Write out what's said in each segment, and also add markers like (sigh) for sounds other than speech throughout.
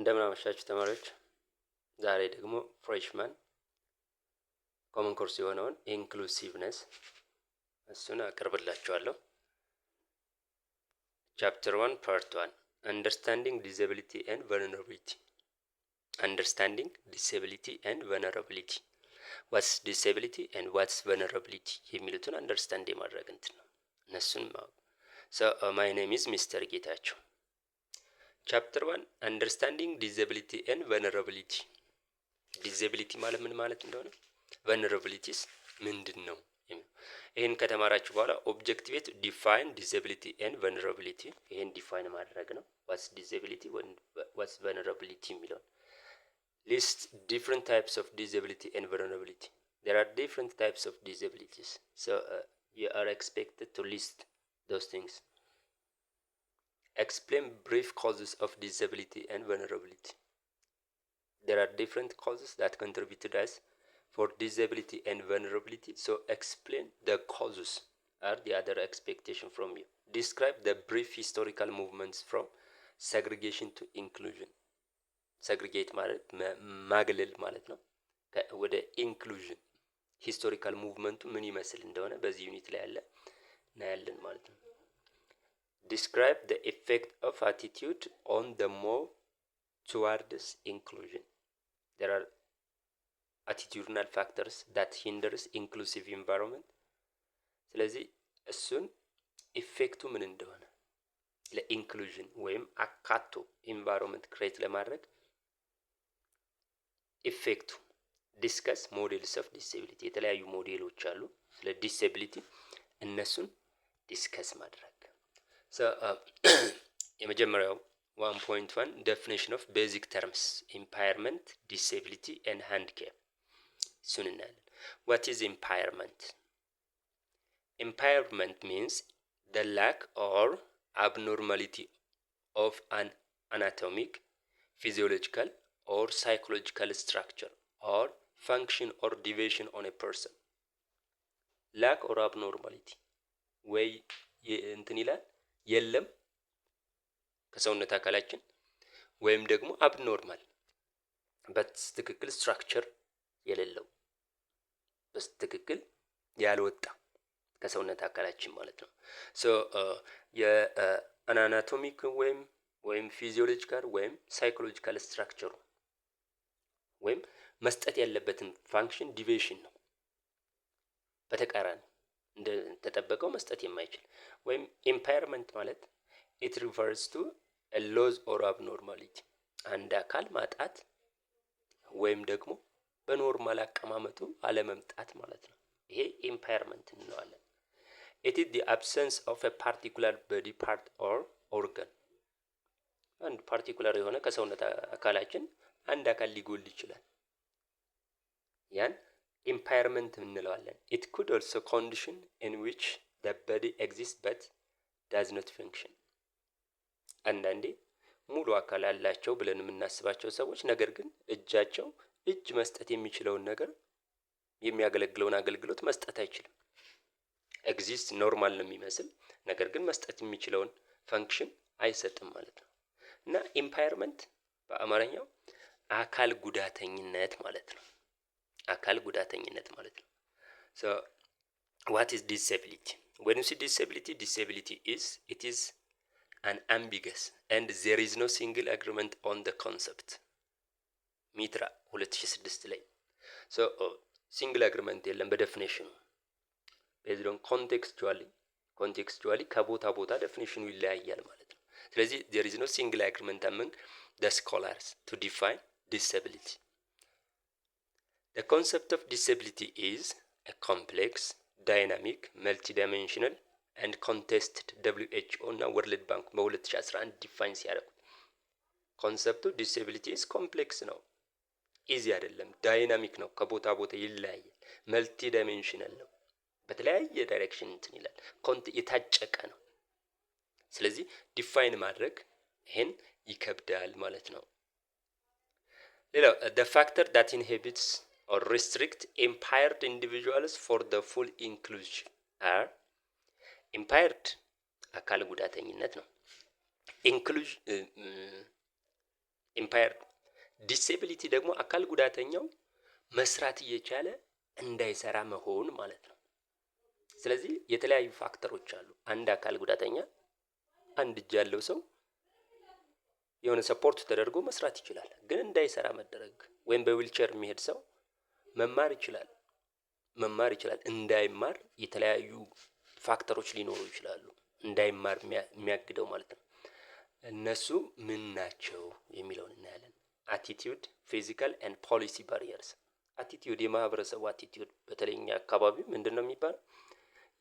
እንደምን አመሻችሁ ተማሪዎች። ዛሬ ደግሞ ፍሬሽማን ኮመን ኮርስ የሆነውን ኢንክሉሲቭነስ እሱን አቀርብላችኋለሁ። ቻፕተር ዋን ፓርት ዋን አንደርስታንዲንግ ዲስብሊቲ ኤንድ ቨልነራቢሊቲ አንደርስታንዲንግ ዲስብሊቲ ኤንድ ቨልነራቢሊቲ ዋትስ ዲስብሊቲ ኤንድ ዋትስ ቨልነራቢሊቲ የሚሉትን አንደርስታንድ የማድረግ እንትን ነው እነሱን ማወቅ። ሶ ማይ ኔም ኢዝ ሚስተር ጌታቸው ቻፕተር ዋን አንደርስታንዲንግ ዲዛቢሊቲ ኤን ቨነራቢሊቲ። ዲዛቢሊቲ ማለት ምን ማለት እንደሆነ ቨነራቢሊቲስ ምንድን ነው? ይህን ከተማራችሁ በኋላ ኦብጀክቲቬት ዲፋይን ዲዛቢሊቲ ኤን ቨነራቢሊቲ፣ ይህን ዲፋይን ማድረግ ነው። ዋትስ ዲዛቢሊቲ ዋትስ ቨነራቢሊቲ የሚለውን ሊስት ዲፍረንት ታይፕስ ኦፍ ዲዛቢሊቲ ኤን ቨነራቢሊቲ ዜር አር ዲፍረንት ታይፕስ ኦፍ ዲዛቢሊቲስ ሶ ዩ አር ኤክስፔክትድ ቱ ሊስት ዶስ ቲንግስ Explain brief causes of disability and vulnerability. There are different causes that contribute to this for disability and vulnerability. So explain the causes are the other expectation from you. Describe the brief historical movements from segregation to inclusion. Segregate ማለት ማግለል ማለት ነው። ወደ ኢንክሉዥን ሂስቶሪካል ሙቭመንቱ ምን ይመስል እንደሆነ በዚህ ዩኒት ላይ ዲስክራይብ ደ ኢፌክት ኦፍ አቲቲዩድ ኦን ዘ ሞቭ ቱዋርድስ ኢንክሉዥን ዜር አር አቲቲዩድናል ፋክተርስ ዳት ሂንደርስ ኢንክሉሲቭ ኢንቫይሮንመንት። ስለዚህ እሱን ኢፌክቱ ምን እንደሆነ ለኢንክሉዥን ወይም አካቶ ኢንቫይሮንመንት ክሬት ለማድረግ ኢፌክቱ ዲስከስ ሞዴልስ ኦፍ ዲስኤቢሊቲ የተለያዩ ሞዴሎች አሉ። ስለ ዲስኤቢሊቲ እነሱን ዲስከስ ማድረግ So, uh, general, (clears throat) 1.1 definition of basic terms impairment, disability, and handicap. Sunan. What is impairment? Impairment means the lack or abnormality of an anatomic, physiological, or psychological structure or function or deviation on a person. Lack or abnormality. Way ye entinila? የለም ከሰውነት አካላችን ወይም ደግሞ አብኖርማል በትክክል ስትራክቸር የሌለው በትክክል ያልወጣ ከሰውነት አካላችን ማለት ነው። ሶ uh, የአናቶሚክ ወይም ወይም ፊዚዮሎጂካል ወይም ሳይኮሎጂካል ስትራክቸሩ ወይም መስጠት ያለበትን ፋንክሽን ዲቬሽን ነው በተቃራኒ እንደተጠበቀው መስጠት የማይችል ወይም ኢምፓየርመንት ማለት ኢት ሪቨርስ ቱ ሎዝ ኦር አብኖርማሊቲ አንድ አካል ማጣት ወይም ደግሞ በኖርማል አቀማመጡ አለመምጣት ማለት ነው። ይሄ ኢምፓየርመንት እንለዋለን። ኢት ኢዝ ዲ አብሰንስ ኦፍ ኤ ፓርቲኩላር ቦዲ ፓርት ኦር ኦርገን አንድ ፓርቲኩላር የሆነ ከሰውነት አካላችን አንድ አካል ሊጎል ይችላል ያን ኢምፓየርመንት እንለዋለን። ኢት ኩድ ኦልሶ ኮንዲሽን ኢን ዊች ዘ ቦዲ ኤግዚስት በት ዳዝ ኖት ፈንክሽን። አንዳንዴ ሙሉ አካል አላቸው ብለን የምናስባቸው ሰዎች ነገር ግን እጃቸው እጅ መስጠት የሚችለውን ነገር የሚያገለግለውን አገልግሎት መስጠት አይችልም። ኤግዚስት ኖርማል ነው የሚመስል ነገር ግን መስጠት የሚችለውን ፈንክሽን አይሰጥም ማለት ነው። እና ኢምፓየርመንት በአማርኛው አካል ጉዳተኝነት ማለት ነው። አካል ጉዳተኝነት ማለት ነው። ሶ ዋት ኢዝ ዲስብሊቲ ዌን ሲ ዲስብሊቲ ዲስብሊቲ ኢዝ ኢት ኢዝ አን አምቢገስ ኤንድ ዜር ኢዝ ኖ ሲንግል አግሪመንት ኦን ደ ኮንሰፕት ሚትራ 2006 ላይ ሶ ሲንግል አግሪመንት የለም በደፊኔሽኑ ቤዝዶን ኮንቴክስቹዋሊ ኮንቴክስቹዋሊ ከቦታ ቦታ ደፊኔሽኑ ይለያያል ማለት ነው። ስለዚህ ዜር ኢዝ ኖ ሲንግል አግሪመንት አመንግ ደ ስኮላርስ ቱ ዲፋይን ዲስብሊቲ The concept of disability is a complex, dynamic, multidimensional and contested ደብሊው እና ወርልድ ባንክ በ2011 ዲፋይን ሲያደርጉት ኮንሰፕቱ ዲስኤቢሊቲ ኢዝ ኮምፕሌክስ ነው። ኢዚ አይደለም፣ ዳይናሚክ ነው፣ ከቦታ ቦታ ይለያያል፣ መልቲ ዳይሜንሽናል ነው፣ በተለያየ ዳይሬክሽን እንትን ይላል፣ ኮንት የታጨቀ ነው። ስለዚህ ዲፋይን ማድረግ ይሄን ይከብዳል ማለት ነው። ሌላው ደ ፋክተር ዳት ኢንሂቢትስ or restrict impaired individuals for the full inclusion are impaired አካል ጉዳተኝነት ነው። ኢንክሉዥ ኢምፓየርድ ዲሴቢሊቲ ደግሞ አካል ጉዳተኛው መስራት እየቻለ እንዳይሰራ መሆን ማለት ነው። ስለዚህ የተለያዩ ፋክተሮች አሉ። አንድ አካል ጉዳተኛ አንድ እጅ ያለው ሰው የሆነ ሰፖርት ተደርጎ መስራት ይችላል፣ ግን እንዳይሰራ መደረግ ወይም በዊልቸር የሚሄድ ሰው መማር ይችላል መማር ይችላል። እንዳይማር የተለያዩ ፋክተሮች ሊኖሩ ይችላሉ እንዳይማር የሚያግደው ማለት ነው። እነሱ ምን ናቸው የሚለውን እናያለን። አቲቲዩድ ፊዚካል ኤንድ ፖሊሲ ባሪየርስ። አቲቲዩድ የማህበረሰቡ አቲቲዩድ በተለይ አካባቢ ምንድን ነው የሚባለው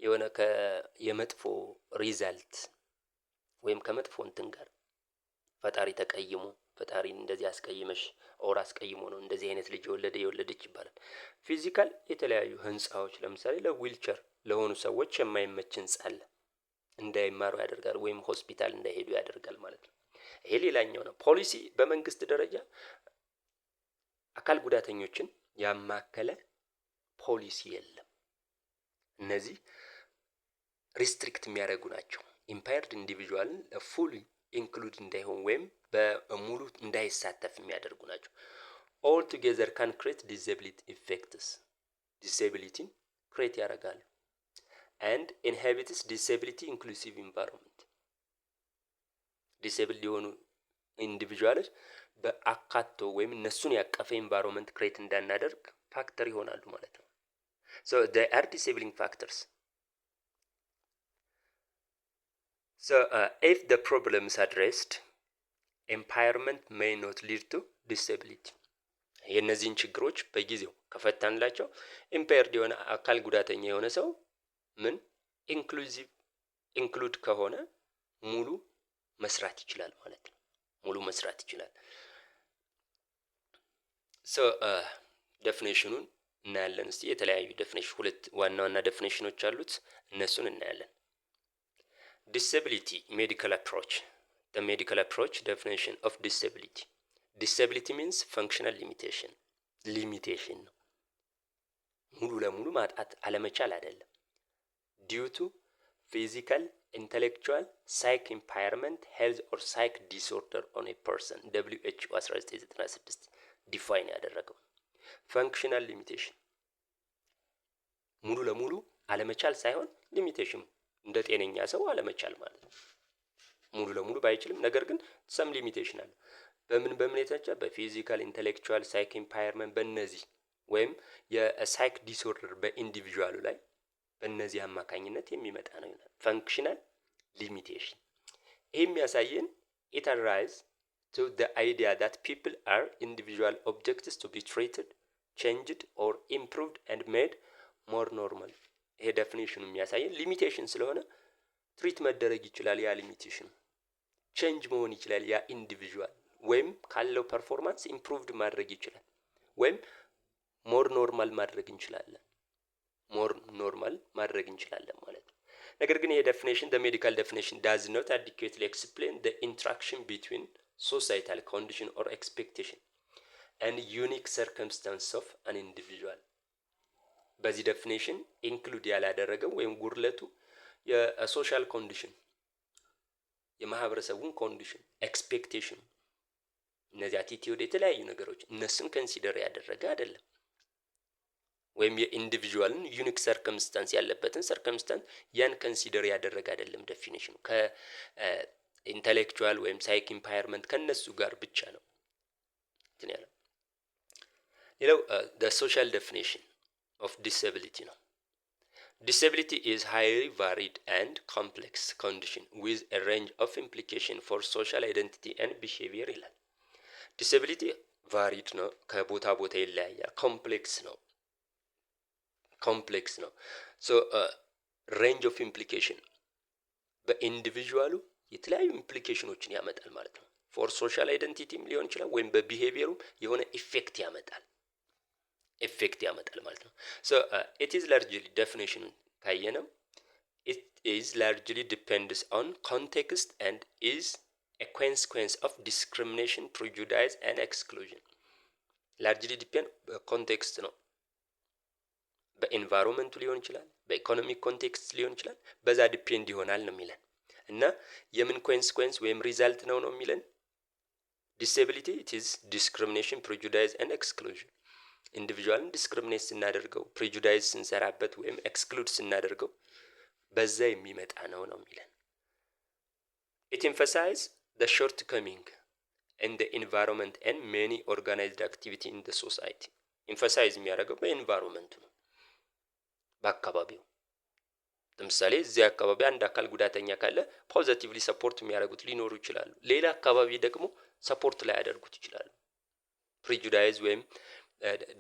የሆነ የመጥፎ ሪዛልት ወይም ከመጥፎ እንትን ጋር ፈጣሪ ተቀይሞ ፈጣሪን እንደዚህ አስቀይመሽ ኦር አስቀይሞ ነው እንደዚህ አይነት ልጅ የወለደ የወለደች ይባላል። ፊዚካል የተለያዩ ህንፃዎች ለምሳሌ ለዊልቸር ለሆኑ ሰዎች የማይመች ህንፃ አለ፣ እንዳይማሩ ያደርጋል ወይም ሆስፒታል እንዳይሄዱ ያደርጋል ማለት ነው። ይሄ ሌላኛው ነው። ፖሊሲ በመንግስት ደረጃ አካል ጉዳተኞችን ያማከለ ፖሊሲ የለም። እነዚህ ሪስትሪክት የሚያደርጉ ናቸው። ኢምፓየርድ ኢንዲቪዥዋልን ለፉል ኢንክሉድ እንዳይሆን ወይም በሙሉ እንዳይሳተፍ የሚያደርጉ ናቸው። ኦል ቱጌዘር ካን ክሬት ዲዛቢሊቲ ኢፌክትስ ዲዛቢሊቲን ክሬት ያደርጋሉ። አንድ ኢንሃቢትስ ዲዛቢሊቲ ኢንክሉሲቭ ኢንቫይሮንመንት ዲዛብል የሆኑ ኢንዲቪጁዋሎች በአካቶ ወይም እነሱን ያቀፈ ኢንቫይሮንመንት ክሬት እንዳናደርግ ፋክተር ይሆናሉ ማለት ነው። ሶ ዴይ አር ዲሴብሊንግ ፋክተርስ ሶ ኢፍ ዘ ፕሮብለም አድሬስድ ኤምፓየርመንት ሜይ ኖት ሊድ ቱ ዲስብሊቲ የእነዚህን ችግሮች በጊዜው ከፈታንላቸው ኢምፓየርድ የሆነ አካል ጉዳተኛ የሆነ ሰው ምን ኢንክሉዚቭ ኢንክሉድ ከሆነ ሙሉ መስራት ይችላል ማለት ነው። ሙሉ መስራት ይችላል። ሶ ደፍኔሽኑን uh, እናያለን። እስቲ የተለያዩ ደፍኔሽን ሁለት ዋና ዋና ደፍኔሽኖች አሉት። እነሱን እናያለን። ዲስብሊቲ ሜዲካል አፕሮች the medical approach definition of disability disability means functional limitation ሊሚቴሽን ነው። ሙሉ ለሙሉ ማጣት አለመቻል አይደለም። ዲዩ ቱ ፊዚካል ኢንተሌክቹዋል ሳይክ ኢምፓየርመንት ሄልዝ ኦር ሳይክ ዲስኦርደር ኦን ፐርሰን ደብሊው ኤች ኦ 1996 ዲፋይን ያደረገው ፈንክሽናል ሊሚቴሽን ሙሉ ለሙሉ አለመቻል ሳይሆን ሊሚቴሽን እንደ ጤነኛ ሰው አለመቻል ማለት ሙሉ ለሙሉ ባይችልም፣ ነገር ግን ሰም ሊሚቴሽን አለ። በምን በምን የተቻ በፊዚካል ኢንቴሌክቹዋል ሳይክ ኢምፓየርመንት በእነዚህ ወይም የሳይክ ዲስኦርደር በኢንዲቪዥዋሉ ላይ በእነዚህ አማካኝነት የሚመጣ ነው ይላል። ፈንክሽናል ሊሚቴሽን ይህ የሚያሳየን ኢት አራይዝ ቱ ዘ አይዲያ ዳት ፒፕል አር ኢንዲቪዥዋል ኦብጀክትስ ቱ ቢ ትሬትድ ቼንጅድ ኦር ኢምፕሩቭድ ኤንድ ሜድ ሞር ኖርማል። ይሄ ደፊኒሽኑ የሚያሳየን ሊሚቴሽን ስለሆነ ትሪት መደረግ ይችላል ያ ሊሚቴሽኑ ቼንጅ መሆን ይችላል። ያ ኢንዲቪዥዋል ወይም ካለው ፐርፎርማንስ ኢምፕሩቭድ ማድረግ ይችላል። ወይም ሞር ኖርማል ማድረግ እንችላለን። ሞር ኖርማል ማድረግ እንችላለን ማለት ነው። ነገር ግን ይሄ ዴፊኔሽን ሜዲካል ዴፊኔሽን ዳዝ ኖት አዲኩዌትሊ ኤክስፕሌን ደ ኢንትራክሽን ቢትዊን ሶሳይታል ኮንዲሽን ኦር ኤክስፔክቴሽን ኤንድ ዩኒክ ሰርከምስታንስ ኦፍ አን ኢንዲቪዥዋል። በዚህ ዴፊኔሽን ኢንክሉድ ያላደረገው ወይም ጉድለቱ የሶሻል ኮንዲሽን የማህበረሰቡን ኮንዲሽን ኤክስፔክቴሽን፣ እነዚህ አቲቲዩድ የተለያዩ ነገሮች እነሱን ከንሲደር ያደረገ አይደለም። ወይም የኢንዲቪዥዋልን ዩኒክ ሰርከምስታንስ ያለበትን ሰርከምስታንስ ያን ከንሲደር ያደረገ አይደለም። ዴፊኒሽኑ ከኢንተሌክቹዋል ወይም ሳይክ ኢምፓየርመንት ከነሱ ጋር ብቻ ነው እንትን ያለው። ሌላው ሶሻል ዴፊኒሽን ኦፍ ዲስብሊቲ ነው። ዲስብሊቲ ኢዝ ሃይሊ ቫሪድ ኤንድ ኮምፕሌክስ ኮንዲሽን ዊዝ ኤ ሬንጅ ኦፍ ኢምፕሊኬሽን ፎር ሶሻል አይደንቲቲ ኤንድ ቢሄቪየር ይላል። ዲስብሊቲ ቫሪድ ነው፣ ከቦታ ቦታ ይለያያል። ኮምፕሌክስ ነው ኮምፕሌክስ ነው። ሶ ሬንጅ ኦፍ ኢምፕሊኬሽን በኢንዲቪዥዋሉ የተለያዩ ኢምፕሊኬሽኖችን ያመጣል ማለት ነው። ፎር ሶሻል አይደንቲቲም ሊሆን ይችላል ወይም በቢሄቪየሩም የሆነ ኢፌክት ያመጣል። ኤፌክት ያመጣል ማለት ነው። ሶ ኢት ላርጅሊ ዴፊኒሽኑን ካየነው ኢት ኢዝ ላርጅሊ ዲፔንድስ ኦን ኮንቴክስት ኤንድ ኢዝ ኤ ኮንስኩዌንስ ኦፍ ዲስክሪሚኔሽን ፕሪጁዳይዝ ኤንድ ኤክስክሉዥን ላርጅሊ ዲፔንድ ኮንቴክስት ነው። በኢንቫይሮንመንቱ ሊሆን ይችላል፣ በኢኮኖሚክ ኮንቴክስት ሊሆን ይችላል። በዛ ዲፔንድ ይሆናል ነው የሚለን እና የምን ኮንስኩዌንስ ወይም ሪዛልት ነው ነው የሚለን ዲስኤቢሊቲ ኢት ኢዝ ዲስክሪሚኔሽን ፕሪጁዳይስ ኤንድ ኤክስክሉዥን ኢንዲቪጁዋልን ዲስክሪሚኔት ስናደርገው፣ ፕሪጁዳይዝ ስንሰራበት ወይም ኤክስክሉድ ስናደርገው በዛ የሚመጣ ነው ነው የሚለን ኢት ኤምፋሳይዝ ደ ሾርት ኢን ደ ኢንቫይሮንመንት ኤን ሜኒ ኦርጋናይዝድ አክቲቪቲ ኢን ደ ሶሳይቲ ኢንፈሳይዝ የሚያደርገው በኢንቫይሮንመንቱ ነው፣ በአካባቢው። ለምሳሌ እዚህ አካባቢ አንድ አካል ጉዳተኛ ካለ ፖዘቲቭሊ ሰፖርት የሚያደርጉት ሊኖሩ ይችላሉ። ሌላ አካባቢ ደግሞ ሰፖርት ላይ ያደርጉት ይችላሉ። ፕሪጁዳይዝ ወይም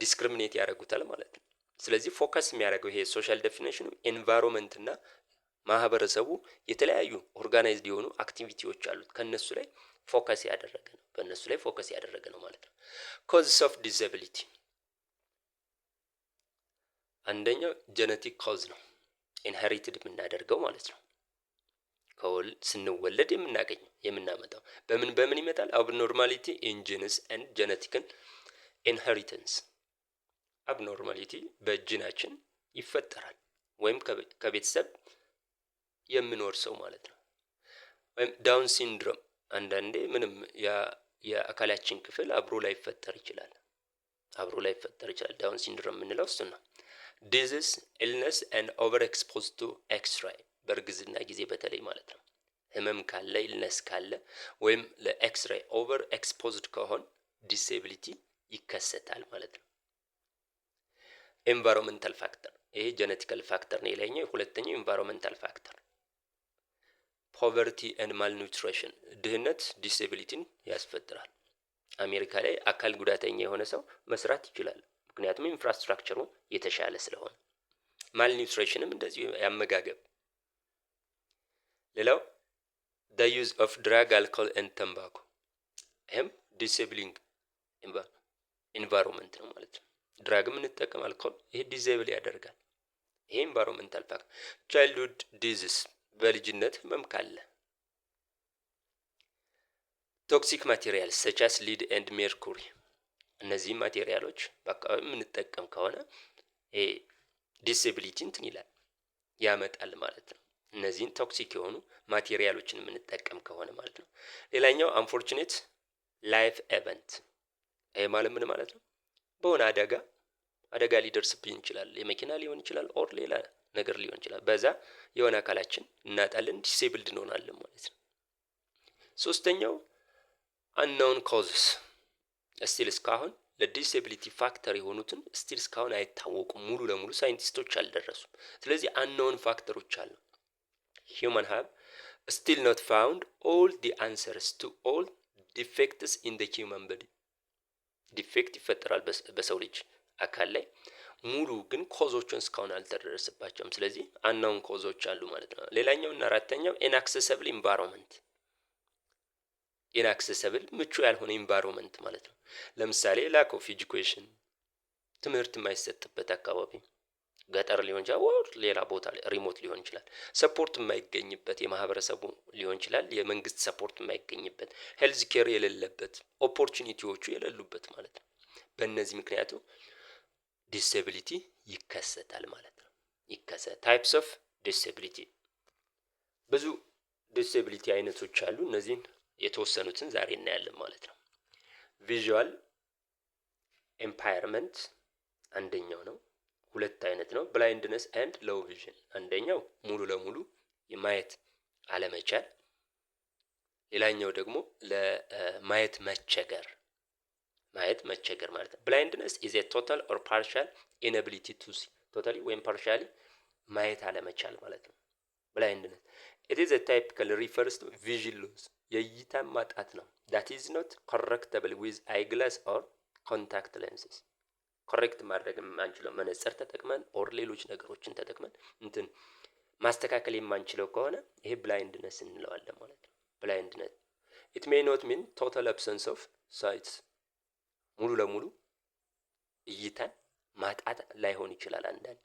ዲስክሪሚኔት ያደርጉታል ማለት ነው። ስለዚህ ፎከስ የሚያደርገው ይሄ ሶሻል ዴፊኒሽኑ ኤንቫይሮንመንት እና ማህበረሰቡ የተለያዩ ኦርጋናይዝድ የሆኑ አክቲቪቲዎች አሉት ከነሱ ላይ ፎከስ ያደረገ ነው በእነሱ ላይ ፎከስ ያደረገ ነው ማለት ነው። ኮዝስ ኦፍ ዲዛቢሊቲ አንደኛው ጀነቲክ ኮዝ ነው ኢንሄሪትድ የምናደርገው ማለት ነው። ከወል ስንወለድ የምናገኘው የምናመጣው በምን በምን ይመጣል? አብኖርማሊቲ ኢንጂንስ ኤንድ ጀነቲክን ኢንሄሪተንስ አብኖርማሊቲ በእጅናችን ይፈጠራል ወይም ከቤተሰብ የምኖር ሰው ማለት ነው። ወይም ዳውን ሲንድሮም አንዳንዴ ምንም የአካላችን ክፍል አብሮ ላይ ይፈጠር ይችላል አብሮ ላይ ይፈጠር ይችላል። ዳውን ሲንድሮም የምንለው እሱ ነው። ዲዚስ ኢልነስ ኤንድ ኦቨር ኤክስፖዝ ቱ ኤክስራይ በእርግዝና ጊዜ በተለይ ማለት ነው። ህመም ካለ ኢልነስ ካለ ወይም ለኤክስራይ ኦቨር ኤክስፖዝድ ከሆን ዲስብሊቲ ይከሰታል ማለት ነው። ኤንቫይሮንመንታል ፋክተር ይሄ ጀነቲካል ፋክተር ነው የላይኛው። ሁለተኛው ኤንቫይሮንመንታል ፋክተር ፖቨርቲ ኤንድ ማልኒውትሪሽን ድህነት ዲስኤቢሊቲን ያስፈጥራል። አሜሪካ ላይ አካል ጉዳተኛ የሆነ ሰው መስራት ይችላል፣ ምክንያቱም ኢንፍራስትራክቸሩ የተሻለ ስለሆነ። ማልኒውትሪሽንም እንደዚሁ ያመጋገብ። ሌላው ዩዝ ኦፍ ድራግ አልኮል ኤንድ ተምባኮ ይህም ዲስኤብሊንግ ኢንቫይሮንመንት ነው ማለት ነው። ድራግም እንጠቀም አልኮል፣ ይሄ ዲዛብል ያደርጋል። ይሄ ኢንቫይሮንመንታል ፋክተር። ቻይልድሁድ ዲዚዝ በልጅነት ህመም ካለ ቶክሲክ ማቴሪያል ሰቻስ ሊድ ኤንድ ሜርኩሪ እነዚህ ማቴሪያሎች በአካባቢ የምንጠቀም ከሆነ ዲስብሊቲ እንትን ይላል ያመጣል ማለት ነው። እነዚህን ቶክሲክ የሆኑ ማቴሪያሎችን የምንጠቀም ከሆነ ማለት ነው። ሌላኛው አንፎርቹኔት ላይፍ ኤቨንት ይሄ ማለት ምን ማለት ነው? በሆነ አደጋ አደጋ ሊደርስብኝ ይችላል። የመኪና ሊሆን ይችላል፣ ኦር ሌላ ነገር ሊሆን ይችላል። በዛ የሆነ አካላችን እናጣለን፣ ዲሴብልድ እንሆናለን ማለት ነው። ሶስተኛው አንናውን ኮዝስ ስቲል እስካሁን ለዲስኤቢሊቲ ፋክተር የሆኑትን ስቲል እስካሁን አይታወቁም። ሙሉ ለሙሉ ሳይንቲስቶች አልደረሱም። ስለዚህ አንናውን ፋክተሮች አሉ። ሂውማን ሀብ ስቲል ኖት ፋውንድ ኦል ዲ አንሰርስ ቱ ኦል ዲፌክትስ ኢን ሂውማን በዲ ዲፌክት ይፈጠራል በሰው ልጅ አካል ላይ ሙሉ ግን ኮዞቹን እስካሁን አልተደረሰባቸውም። ስለዚህ አናውን ኮዞች አሉ ማለት ነው። ሌላኛውና አራተኛው ኢንአክሰሰብል ኢንቫይሮንመንት፣ ኢንአክሰሰብል ምቹ ያልሆነ ኢንቫይሮንመንት ማለት ነው። ለምሳሌ ላክ ኦፍ ኤጁኬሽን፣ ትምህርት የማይሰጥበት አካባቢ ገጠር ሊሆን ይችላል፣ ሌላ ቦታ ሪሞት ሊሆን ይችላል። ሰፖርት የማይገኝበት የማህበረሰቡ ሊሆን ይችላል፣ የመንግስት ሰፖርት የማይገኝበት ሄልዝ ኬር የሌለበት ኦፖርቹኒቲዎቹ የሌሉበት ማለት ነው። በእነዚህ ምክንያቱ ዲስብሊቲ ይከሰታል ማለት ነው። ይከሰ ታይፕስ ኦፍ ዲስብሊቲ ብዙ ዲስብሊቲ አይነቶች አሉ። እነዚህን የተወሰኑትን ዛሬ እናያለን ማለት ነው። ቪዥዋል ኤምፓየርመንት አንደኛው ነው። ሁለት አይነት ነው። ብላይንድነስ ኤንድ ሎው ቪዥን አንደኛው ሙሉ ለሙሉ የማየት አለመቻል፣ ሌላኛው ደግሞ ለማየት መቸገር ማየት መቸገር ማለት ነው። ብላይንድነስ ኢዝ ኤ ቶታል ኦር ፓርሻል ኢንአቢሊቲ ቱ ሲ ቶታሊ ወይም ፓርሻሊ ማየት አለመቻል ማለት ነው። ብላይንድነስ ኢት ኢዝ ኤ ታይፒካል ሪፈርስ ቱ ቪዥን ሎስ የእይታ ማጣት ነው። ዳት ኢዝ ኖት ኮረክተብል ዊዝ አይግላስ ኦር ኮንታክት ሌንስስ ኮሬክት ማድረግ የማንችለው መነጽር ተጠቅመን ኦር ሌሎች ነገሮችን ተጠቅመን እንትን ማስተካከል የማንችለው ከሆነ ይሄ ብላይንድነስ እንለዋለን ማለት ነው። ብላይንድነስ ኢት ሜይ ኖት ሚን ቶታል አብሰንስ ኦፍ ሳይትስ ሙሉ ለሙሉ እይታን ማጣት ላይሆን ይችላል። አንዳንድ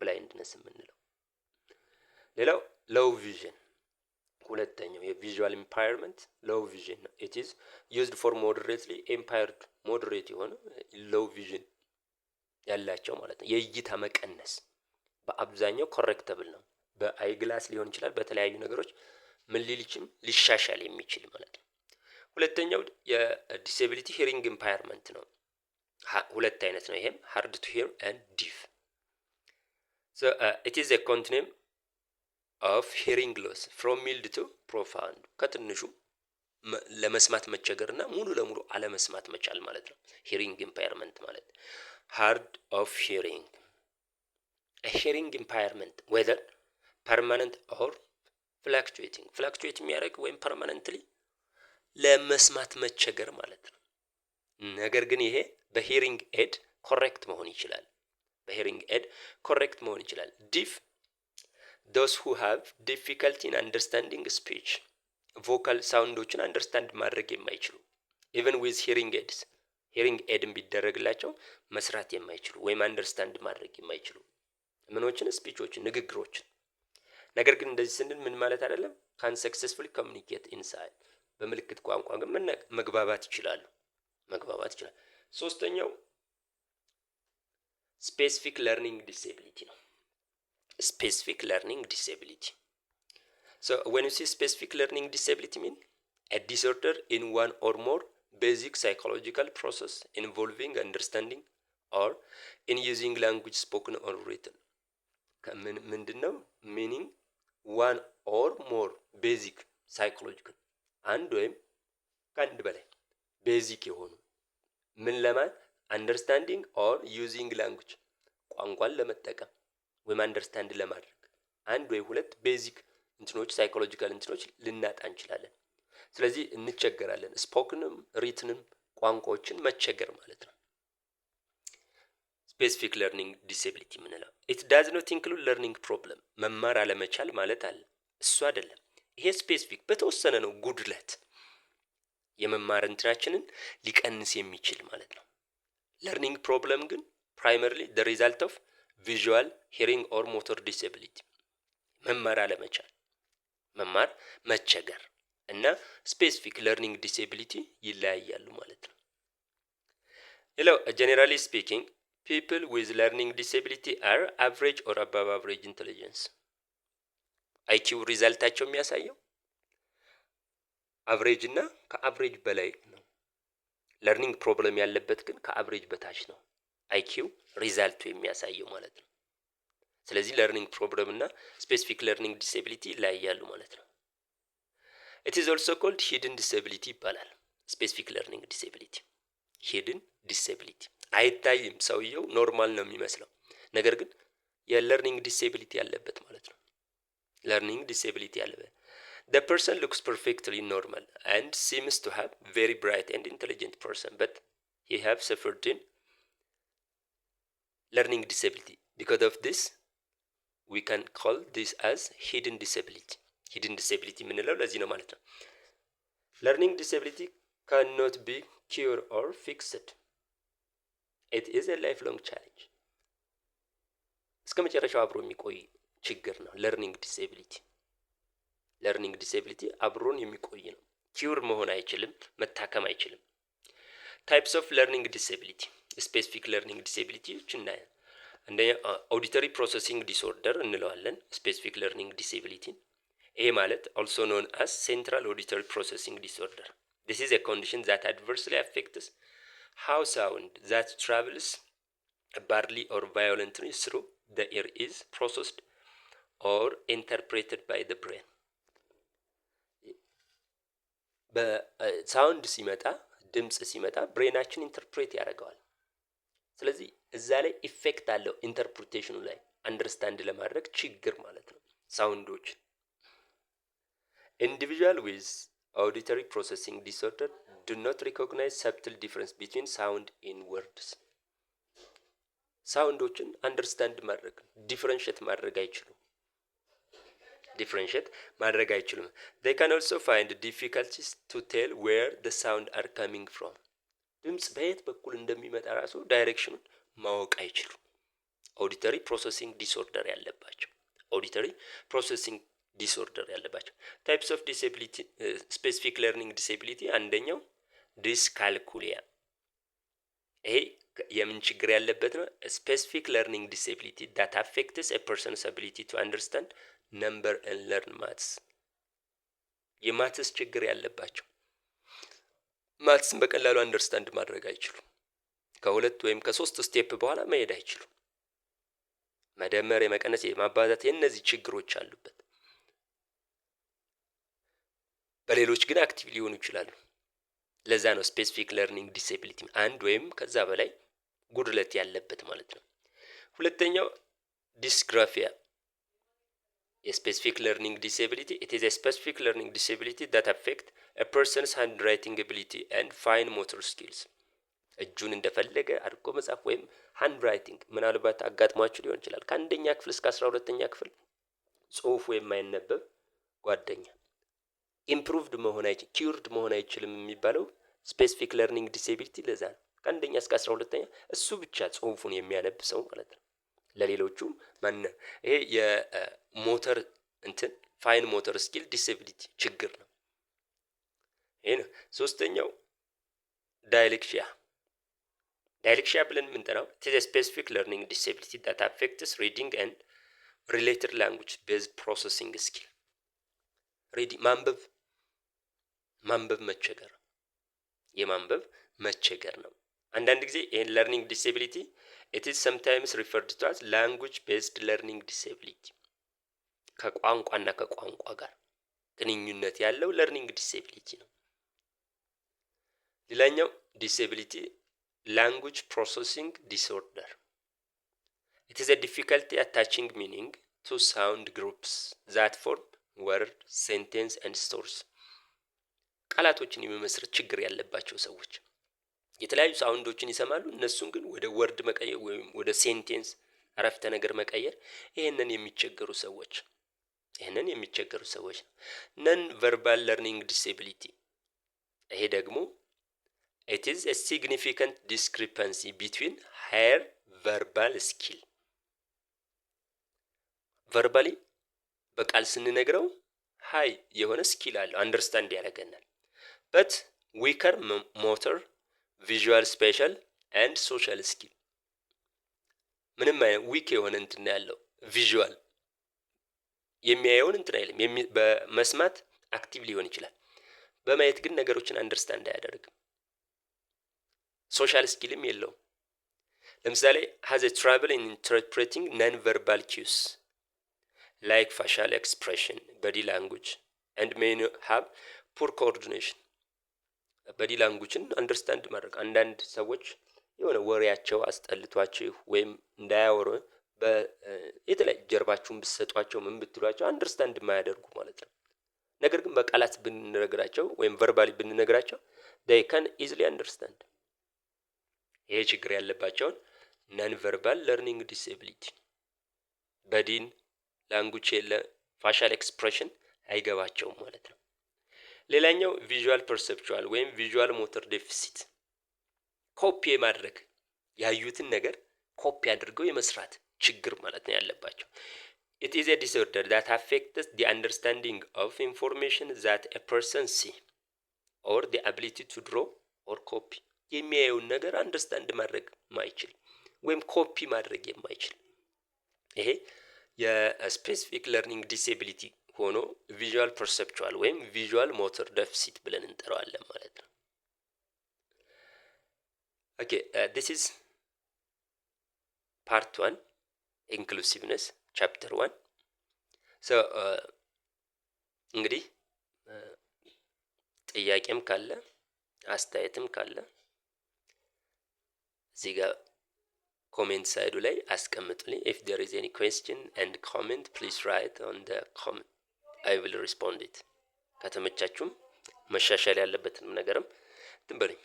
ብላይንድነስ የምንለው ሌላው ሎው ቪዥን ሁለተኛው የቪዥዋል ኢምፓየርመንት ሎው ቪዥን ነው። ኢት ኢዝ ዩዝድ ፎር ሞደሬትሊ ኢምፓየርድ ሞደሬት የሆነ ሎው ቪዥን ያላቸው ማለት ነው። የእይታ መቀነስ በአብዛኛው ኮሬክተብል ነው። በአይግላስ ሊሆን ይችላል። በተለያዩ ነገሮች ምን ሊልችም ሊሻሻል የሚችል ማለት ነው። ሁለተኛው የዲሴቢሊቲ ሂሪንግ ኢምፓየርመንት ነው። ሁለት አይነት ነው። ይሄም ሃርድ ቱ ሂር ኤንድ ዲፍ ኢት ኢዝ ኮንቲኒም ኦፍ ሂሪንግ ሎስ ፍሮም ሚልድ ቱ ፕሮፋንድ ከትንሹ ለመስማት መቸገር እና ሙሉ ለሙሉ አለመስማት መቻል ማለት ነው። ሂሪንግ ኢምፓየርመንት ማለት ሃርድ ኦፍ ሂሪንግ ሂሪንግ ኢምፓየርመንት ዌዘር ፐርማነንት ኦር ፍላክቹዌቲንግ ፍላክቹዌት የሚያደርግ ወይም ፐርማነንትሊ ለመስማት መቸገር ማለት ነው። ነገር ግን ይሄ በሂሪንግ ኤድ ኮሬክት መሆን ይችላል። በሂሪንግ ኤድ ኮሬክት መሆን ይችላል። ዲፍ ዶስ ሁ ሃቭ ዲፊከልቲ ኢን አንደርስታንዲንግ ስፒች ቮካል ሳውንዶችን አንደርስታንድ ማድረግ የማይችሉ ኢቨን ዊዝ ሂሪንግ ኤድስ ሄሪንግ ኤድን ቢደረግላቸው መስራት የማይችሉ ወይም አንደርስታንድ ማድረግ የማይችሉ ምኖችን፣ ስፒቾችን፣ ንግግሮችን። ነገር ግን እንደዚህ ስንል ምን ማለት አይደለም ካን ሰክሰስፉሊ ኮሚኒኬት ኢንሳይድ በምልክት ቋንቋ ግን መግባባት ይችላሉ። መግባባት ይችላል። ሶስተኛው ስፔሲፊክ ለርኒንግ ዲስኤቢሊቲ ነው። ስፔሲፊክ ለርኒንግ ዲስኤቢሊቲ ወን ዩ ሲ ስፔሲፊክ ለርኒንግ ዲስኤቢሊቲ ሚን ኤ ዲስኦርደር ኢን ዋን ኦር ሞር basic psychological process involving understanding or in using language spoken or written ምንድን ሚኒንግ ዋን ኦር ሞር ቤዚክ ሳይኮሎጂካል አንድ ወይም ከአንድ በላይ ቤዚክ የሆኑ ምን ለማን አንደርስታንዲንግ ኦር ዩዚንግ ላንጉጅ ቋንቋን ለመጠቀም ወይም አንደርስታንድ ለማድረግ አንድ ወይ ሁለት ቤዚክ እንትኖች ሳይኮሎጂካል እንትኖች ልናጣ እንችላለን። ስለዚህ እንቸገራለን። ስፖክንም ሪትንም ቋንቋዎችን መቸገር ማለት ነው። ስፔሲፊክ ለርኒንግ ዲስብሊቲ የምንለው ኢት ዳዝ ኖት ኢንክሉድ ለርኒንግ ፕሮብለም መማር አለመቻል ማለት አለ። እሱ አይደለም ይሄ ስፔሲፊክ በተወሰነ ነው ጉድለት የመማር እንትናችንን ሊቀንስ የሚችል ማለት ነው። ለርኒንግ ፕሮብለም ግን ፕራይመሪሊ ደ ሪዛልት ኦፍ ቪዥዋል ሂሪንግ ኦር ሞተር ዲስብሊቲ መማር አለመቻል፣ መማር መቸገር እና ስፔሲፊክ ለርኒንግ ዲስኤቢሊቲ ይለያያሉ ማለት ነው። ሌላው ጀኔራሊ ስፒኪንግ ፒፕል ዊዝ ለርኒንግ ዲስኤቢሊቲ አር አቨሬጅ ኦር አባብ አቨሬጅ ኢንቴሊጀንስ አይኪው ሪዛልታቸው የሚያሳየው አቨሬጅ እና ከአቨሬጅ በላይ ነው። ለርኒንግ ፕሮብለም ያለበት ግን ከአቨሬጅ በታች ነው አይኪው ሪዛልቱ የሚያሳየው ማለት ነው። ስለዚህ ለርኒንግ ፕሮብለም እና ስፔሲፊክ ለርኒንግ ዲስኤቢሊቲ ይለያያሉ ማለት ነው። It is also called hidden disability ይባላል። ስፔሲፊክ ለርኒንግ disability. ሂድን ዲስኤቢሊቲ አይታይም። ሰውየው ኖርማል ነው የሚመስለው፣ ነገር ግን የለርኒንግ ዲስኤቢሊቲ ያለበት ማለት ነው። ለርኒንግ ዲስኤቢሊቲ ያለበት the person looks perfectly normal and seems to have very bright and intelligent person but he have suffered in learning disability because of this we can call this as hidden disability ሂድን ዲስኤቢሊቲ የምንለው ለዚህ ነው ማለት ነው። ለርኒንግ ዲስኤቢሊቲ ካንኖት ቢ ኪውር ኦር ፊክስድ ኢት ኢዝ ኤ ላይፍ ሎንግ ቻሌንጅ። እስከ መጨረሻው አብሮ የሚቆይ ችግር ነው ለርኒንግ ዲስኤቢሊቲ። ለርኒንግ ዲስኤቢሊቲ አብሮን የሚቆይ ነው። ኪውር መሆን አይችልም፣ መታከም አይችልም። ታይፕስ ኦፍ ለርኒንግ ዲስኤቢሊቲ ስፔሲፊክ ለርኒንግ ዲስኤቢሊቲዎች እናያለን። አንደኛ ኦዲተሪ ፕሮሰሲንግ ዲስኦርደር እንለዋለን ስፔሲፊክ ለርኒንግ ዲስብሊቲን ይሄ ማለት ኦልሶ ኖን አስ ሴንትራል ኦዲተሪ ፕሮሰሲንግ ዲስኦርደር ዲስ ኢዝ ኮንዲሽን ዛት አድቨርስሊ አፌክትስ ሃው ሳውንድ ዛት ትራቭልስ ባርሊ ኦር ቫዮለንትሊ ስሩ ዘ ኤር ኢዝ ፕሮሰስድ ኦር ኢንተርፕሬትድ ባይ ዘ ብሬን በሳውንድ ሲመጣ ድምፅ ሲመጣ ብሬናችን ኢንተርፕሬት ያደርገዋል። ስለዚህ እዛ ላይ ኢፌክት አለው ኢንተርፕሪቴሽኑ ላይ አንደርስታንድ ለማድረግ ችግር ማለት ነው ሳውንዶችን ኢንዲቪዥዋል ዊዝ ኦዲተሪ ፕሮሰሲንግ ዲስኦርደር ዱ ኖት ሪኮግናይዝ ሰብትል ዲፍረንስ ቢትዊን ሳውንድ ኢን ወርድስ ሳውንዶችን አንደርስታንድ ማድረግ ዲፍረንሽት ማድረግ አይችሉም። ዲፍረንሽት ማድረግ አይችሉም። ዴይ ካን ኦልሶ ፋይንድ ዲፊካልቲስ ቱ ቴል ዌር ደ ሳውንድ አር ካሚንግ ፍሮም ድምፅ በየት በኩል እንደሚመጣ ራሱ ዳይሬክሽኑን ማወቅ አይችሉም። ኦዲተሪ ፕሮሰሲንግ ዲስኦርደር ያለባቸው ኦዲተሪ ፕሮሰሲንግ ዲስኦርደር ያለባቸው ታይፕስ ኦፍ ዲስብሊቲ ስፔሲፊክ ለርኒንግ ዲስብሊቲ አንደኛው ዲስካልኩሊያ ይሄ የምን ችግር ያለበት ነው? ስፔሲፊክ ለርኒንግ ዲስብሊቲ ዳት አፌክትስ ኤ ፐርሰንስ አቢሊቲ ቱ አንደርስታንድ ነምበር ኤንድ ለርን ማትስ የማትስ ችግር ያለባቸው ማትስን በቀላሉ አንደርስታንድ ማድረግ አይችሉም። ከሁለት ወይም ከሶስት ስቴፕ በኋላ መሄድ አይችሉም። መደመር፣ የመቀነስ፣ የማባዛት የእነዚህ ችግሮች አሉበት። በሌሎች ግን አክቲቭ ሊሆኑ ይችላሉ። ለዛ ነው ስፔሲፊክ ለርኒንግ ዲስኤቢሊቲ አንድ ወይም ከዛ በላይ ጉድለት ያለበት ማለት ነው። ሁለተኛው ዲስግራፊያ የስፔሲፊክ ለርኒንግ ዲስኤቢሊቲ ኢት ኢዝ ስፔሲፊክ ለርኒንግ ዲስኤቢሊቲ ዳት አፌክት ፐርሰንስ ሃንድ ራይቲንግ አቢሊቲ ኤንድ ፋይን ሞተር ስኪልስ እጁን እንደፈለገ አድርጎ መጻፍ ወይም ሃንድ ራይቲንግ ምናልባት አጋጥሟችሁ ሊሆን ይችላል። ከአንደኛ ክፍል እስከ አስራ ሁለተኛ ክፍል ጽሁፉ የማይነበብ ጓደኛ ኢምፕሩቭድ መሆን አይችል ኪውርድ መሆን አይችልም የሚባለው ስፔሲፊክ ለርኒንግ ዲሴቢሊቲ ለዛ ነው። ከአንደኛ እስከ አስራ ሁለተኛ እሱ ብቻ ጽሁፉን የሚያነብ ሰው ማለት ነው። ለሌሎቹም ማነ ይሄ የሞተር እንትን ፋይን ሞተር ስኪል ዲሴቢሊቲ ችግር ነው። ይህ ነው። ሶስተኛው ዳይሌክሽያ ዳይሌክሽያ ብለን የምንጠራው ቴዘ ስፔሲፊክ ለርኒንግ ዲስብሊቲ ዳት አፌክትስ ሪዲንግ ኤንድ ሪሌትድ ላንጉጅ ቤዝ ፕሮሰሲንግ ስኪል ማንበብ ማንበብ መቸገር የማንበብ መቸገር ነው። አንዳንድ ጊዜ ይህን ለርኒንግ ዲስብሊቲ ኢት ኢዝ ሰምታይምስ ሪፈርድ ቱ ላንጉጅ ቤዝድ ለርኒንግ ዲስኤቢሊቲ ከቋንቋና ከቋንቋ ጋር ግንኙነት ያለው ለርኒንግ ዲስብሊቲ ነው። ሌላኛው ዲስብሊቲ ላንጉጅ ፕሮሰሲንግ ዲስኦርደር ኢት ኢዝ ዲፊካልቲ አታችንግ ሚኒንግ ቱ ሳውንድ ግሩፕስ ዛት ፎርም ወርድ ሴንቴንስ ኤንድ ስቶርስ ቃላቶችን የመመስረት ችግር ያለባቸው ሰዎች የተለያዩ ሳውንዶችን ይሰማሉ። እነሱን ግን ወደ ወርድ መቀየር ወይም ወደ ሴንቴንስ አረፍተ ነገር መቀየር ይህንን የሚቸገሩ ሰዎች ይህንን የሚቸገሩ ሰዎች ነው። ነን ቨርባል ለርኒንግ ዲስኤቢሊቲ ይሄ ደግሞ ኢት ኢዝ ኤ ሲግኒፊካንት ዲስክሪፐንሲ ቢትዊን ሃየር ቨርባል ስኪል ቨርባሊ በቃል ስንነግረው ሀይ የሆነ ስኪል አለው አንደርስታንድ ያደርገናል። but weaker motor, visual spatial and social skill ምንም አይነት ዊክ የሆነ እንትን ያለው ቪዥዋል የሚያየውን እንትን አይልም። በመስማት አክቲቭ ሊሆን ይችላል። በማየት ግን ነገሮችን አንደርስታንድ አያደርግም። ሶሻል ስኪልም የለውም። ለምሳሌ ሀዘ ትራቭል ኢንተርፕሬቲንግ ነን ቨርባል ኪዩስ ላይክ ፋሻል ኤክስፕሬሽን በዲ ላንጉጅ ኤንድ ሜኒ ሀብ ፑር ኮኦርዲኔሽን በዲ ላንጉጅን አንደርስታንድ ማድረግ አንዳንድ ሰዎች የሆነ ወሬያቸው አስጠልቷችሁ ወይም እንዳያወሩ የተለያዩ ጀርባችሁን ብትሰጧቸው ምን ብትሏቸው አንደርስታንድ የማያደርጉ ማለት ነው። ነገር ግን በቃላት ብንነግራቸው ወይም ቨርባሊ ብንነግራቸው ዴይ ካን ኢዝሊ አንደርስታንድ። ይሄ ችግር ያለባቸውን ነን ቨርባል ለርኒንግ ዲስኤቢሊቲ በዲን ላንጉጅ የለ ፋሻል ኤክስፕሬሽን አይገባቸውም ማለት ነው። ሌላኛው ቪዥዋል ፐርሰፕቹዋል ወይም ቪዥዋል ሞተር ዴፊሲት ኮፒ የማድረግ ያዩትን ነገር ኮፒ አድርገው የመስራት ችግር ማለት ነው ያለባቸው። ኢት ኢዝ ኤ ዲስኦርደር ዛት አፌክትስ ዲ አንደርስታንዲንግ ኦፍ ኢንፎርሜሽን ዛት ኤ ፐርሰን ሲ ኦር ዲ አቢሊቲ ቱ ድሮ ኦር ኮፒ የሚያየውን ነገር አንደርስታንድ ማድረግ ማይችል ወይም ኮፒ ማድረግ የማይችል ይሄ የስፔሲፊክ ለርኒንግ ዲስኤቢሊቲ ሆኖ ቪዥዋል ፐርሰፕቹዋል ወይም ቪዥዋል ሞተር ደፍሲት ብለን እንጠራዋለን ማለት ነው። ኦኬ ዲስ ኢዝ ፓርት ዋን ኢንክሉሲቭነስ ቻፕተር ዋን እንግዲህ uh, ጥያቄም ካለ አስተያየትም ካለ እዚህ ጋር ኮሜንት ሳይዱ ላይ አስቀምጡልኝ። ኢፍ ዴር ኢዝ ኤኒ ኩዌስችን ኤንድ ኮሜንት ፕሊዝ ራይት ኦን ደ ኮሜንት አይ ቪል ሪስፖንድ ኢት ከተመቻችሁም መሻሻል ያለበትንም ነገርም ትንበልኝ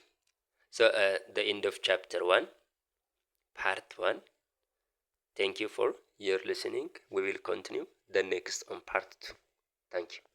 ኤንድ ኦፍ ቻፕተር ዋን ፓርት ዋን ቴንክ ዩ ፎር ዩር ሊስኒንግ ዊ ዊል ኮንቲኒው ደ ኔክስት ኦን ፓርት ቱ ታንክ ዩ